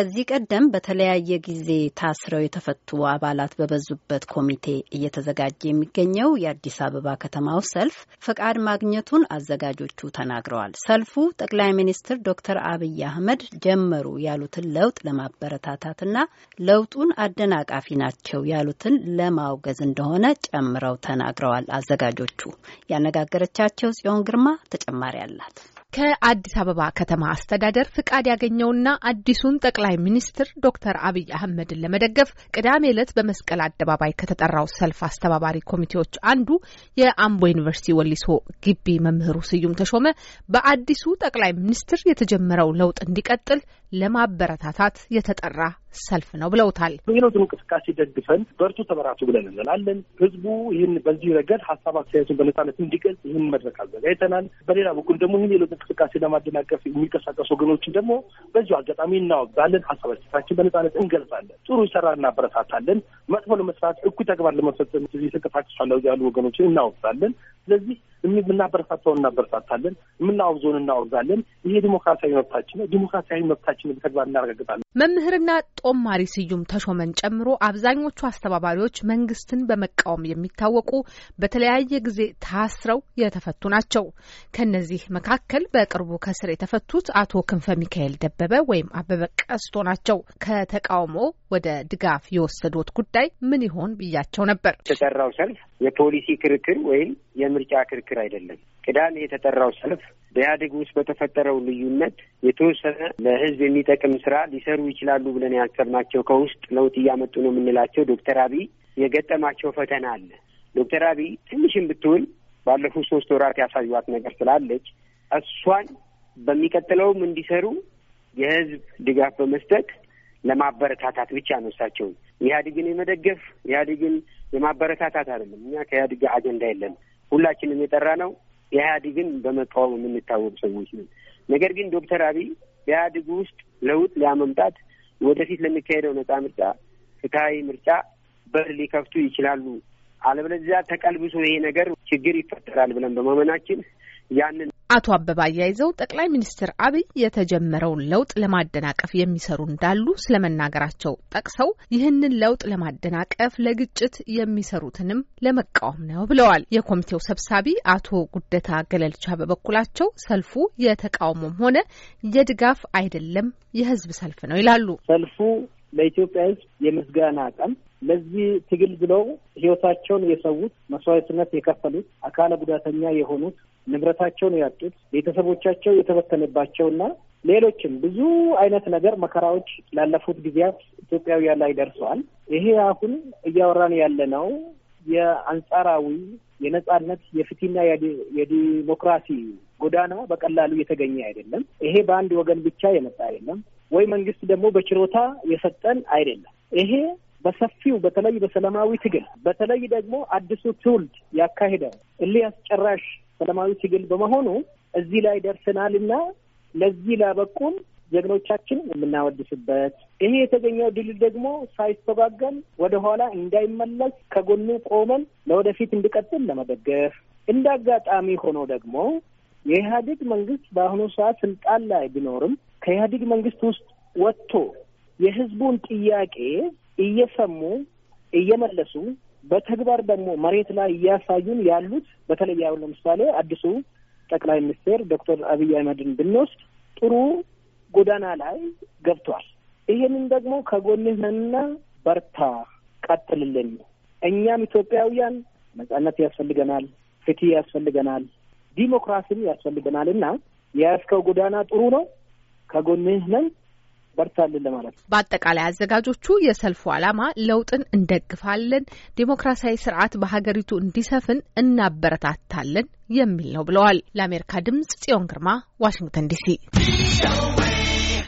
ከዚህ ቀደም በተለያየ ጊዜ ታስረው የተፈቱ አባላት በበዙበት ኮሚቴ እየተዘጋጀ የሚገኘው የአዲስ አበባ ከተማው ሰልፍ ፈቃድ ማግኘቱን አዘጋጆቹ ተናግረዋል። ሰልፉ ጠቅላይ ሚኒስትር ዶክተር አብይ አህመድ ጀመሩ ያሉትን ለውጥ ለማበረታታትና ለውጡን አደናቃፊ ናቸው ያሉትን ለማውገዝ እንደሆነ ጨምረው ተናግረዋል። አዘጋጆቹ ያነጋገረቻቸው ጽዮን ግርማ ተጨማሪ አላት። ከአዲስ አበባ ከተማ አስተዳደር ፍቃድ ያገኘውና አዲሱን ጠቅላይ ሚኒስትር ዶክተር አብይ አህመድን ለመደገፍ ቅዳሜ ዕለት በመስቀል አደባባይ ከተጠራው ሰልፍ አስተባባሪ ኮሚቴዎች አንዱ የአምቦ ዩኒቨርሲቲ ወሊሶ ግቢ መምህሩ ስዩም ተሾመ በአዲሱ ጠቅላይ ሚኒስትር የተጀመረው ለውጥ እንዲቀጥል ለማበረታታት የተጠራ ሰልፍ ነው ብለውታል። የለውጡን እንቅስቃሴ ደግፈን በርቱ ተበራቱ ብለን እንላለን። ህዝቡ ይህን በዚህ ረገድ ሀሳብ አስተያየቱን በነጻነት እንዲገልጽ ይህን መድረክ አዘጋጅተናል። በሌላ በኩል ደግሞ ይህን የለውጥ እንቅስቃሴ ለማደናቀፍ የሚንቀሳቀሱ ወገኖችን ደግሞ በዚሁ አጋጣሚ እናወቅ ባለን ሀሳብ አስተያየታችን በነጻነት እንገልጻለን። ጥሩ ይሰራ እናበረታታለን። መጥፎ ለመስራት እኩይ ተግባር ለመፈጸም የተንቀሳቀሱ ያሉ ወገኖችን እናወቅሳለን። ስለዚህ የምናበረታታው እናበረታታለን፣ የምናወግዘውን እናወግዛለን። ይሄ ዲሞክራሲያዊ መብታችን ነው። ዲሞክራሲያዊ መብታችን በተግባር እናረጋግጣለን። መምህርና ጦማሪ ስዩም ተሾመን ጨምሮ አብዛኞቹ አስተባባሪዎች መንግስትን በመቃወም የሚታወቁ በተለያየ ጊዜ ታስረው የተፈቱ ናቸው። ከነዚህ መካከል በቅርቡ ከስር የተፈቱት አቶ ክንፈ ሚካኤል ደበበ ወይም አበበ ቀስቶ ናቸው። ከተቃውሞ ወደ ድጋፍ የወሰዱት ጉዳይ ምን ይሆን ብያቸው ነበር። የተጠራው ሰልፍ የፖሊሲ ክርክር ወይም የምርጫ ክርክር አይደለም። ቅዳሜ የተጠራው ሰልፍ በኢህአዴግ ውስጥ በተፈጠረው ልዩነት የተወሰነ ለህዝብ የሚጠቅም ስራ ሊሰሩ ይችላሉ ብለን ያሰብናቸው ከውስጥ ለውጥ እያመጡ ነው የምንላቸው ዶክተር አብይ የገጠማቸው ፈተና አለ። ዶክተር አብይ ትንሽም ብትውል ባለፉት ሶስት ወራት ያሳዩት ነገር ስላለች እሷን በሚቀጥለውም እንዲሰሩ የህዝብ ድጋፍ በመስጠት ለማበረታታት ብቻ ነው እሳቸውን ኢህአዴግን የመደገፍ ኢህአዴግን የማበረታታት አይደለም። እኛ ከኢህአዴግ አጀንዳ የለም። ሁላችንም የጠራ ነው ኢህአዴግን በመቃወም የምንታወቅ ሰዎች ነን። ነገር ግን ዶክተር አብይ በኢህአዴግ ውስጥ ለውጥ ሊያመምጣት ወደፊት ለሚካሄደው ነጻ ምርጫ፣ ፍትሀዊ ምርጫ በር ሊከፍቱ ይችላሉ። አለበለዚያ ተቀልብሶ ይሄ ነገር ችግር ይፈጠራል ብለን በማመናችን ያንን አቶ አበባ አያይዘው ጠቅላይ ሚኒስትር አብይ የተጀመረውን ለውጥ ለማደናቀፍ የሚሰሩ እንዳሉ ስለመናገራቸው ጠቅሰው ይህንን ለውጥ ለማደናቀፍ ለግጭት የሚሰሩትንም ለመቃወም ነው ብለዋል። የኮሚቴው ሰብሳቢ አቶ ጉደታ ገለልቻ በበኩላቸው ሰልፉ የተቃውሞም ሆነ የድጋፍ አይደለም፣ የህዝብ ሰልፍ ነው ይላሉ። ሰልፉ ለኢትዮጵያ ሕዝብ የምስጋና ቀን ለዚህ ትግል ብለው ህይወታቸውን የሰዉት መስዋዕትነት የከፈሉት አካለ ጉዳተኛ የሆኑት ንብረታቸውን ያጡት ቤተሰቦቻቸው የተበተነባቸውና ሌሎችም ብዙ አይነት ነገር መከራዎች ላለፉት ጊዜያት ኢትዮጵያውያን ላይ ደርሰዋል። ይሄ አሁን እያወራን ያለነው የአንጻራዊ የነጻነት የፍትህና የዲሞክራሲ ጎዳና በቀላሉ እየተገኘ አይደለም። ይሄ በአንድ ወገን ብቻ የመጣ አይደለም። ወይ መንግስት ደግሞ በችሮታ የሰጠን አይደለም። ይሄ በሰፊው በተለይ በሰላማዊ ትግል በተለይ ደግሞ አዲሱ ትውልድ ያካሄደው እልህ አስጨራሽ ሰላማዊ ትግል በመሆኑ እዚህ ላይ ደርሰናልና ለዚህ ላበቁን ጀግኖቻችን የምናወድስበት ይሄ የተገኘው ድል ደግሞ ሳይስተጓገል ወደኋላ እንዳይመለስ ከጎኑ ቆመን ለወደፊት እንዲቀጥል ለመደገፍ እንደ አጋጣሚ ሆኖ ደግሞ የኢህአዴግ መንግስት በአሁኑ ሰዓት ስልጣን ላይ ቢኖርም ከኢህአዴግ መንግስት ውስጥ ወጥቶ የህዝቡን ጥያቄ እየሰሙ እየመለሱ በተግባር ደግሞ መሬት ላይ እያሳዩን ያሉት በተለይ አሁን ለምሳሌ አዲሱ ጠቅላይ ሚኒስትር ዶክተር አብይ አህመድን ብንወስድ ጥሩ ጎዳና ላይ ገብቷል። ይህንን ደግሞ ከጎንህንና በርታ፣ ቀጥልልን። እኛም ኢትዮጵያውያን ነጻነት ያስፈልገናል፣ ፍትህ ያስፈልገናል፣ ዲሞክራሲም ያስፈልገናል እና የያዝከው ጎዳና ጥሩ ነው፣ ከጎንህ ነን በርታልን ለማለት ነው። በአጠቃላይ አዘጋጆቹ የሰልፉ ዓላማ ለውጥን እንደግፋለን፣ ዴሞክራሲያዊ ስርዓት በሀገሪቱ እንዲሰፍን እናበረታታለን የሚል ነው ብለዋል። ለአሜሪካ ድምጽ ጽዮን ግርማ ዋሽንግተን ዲሲ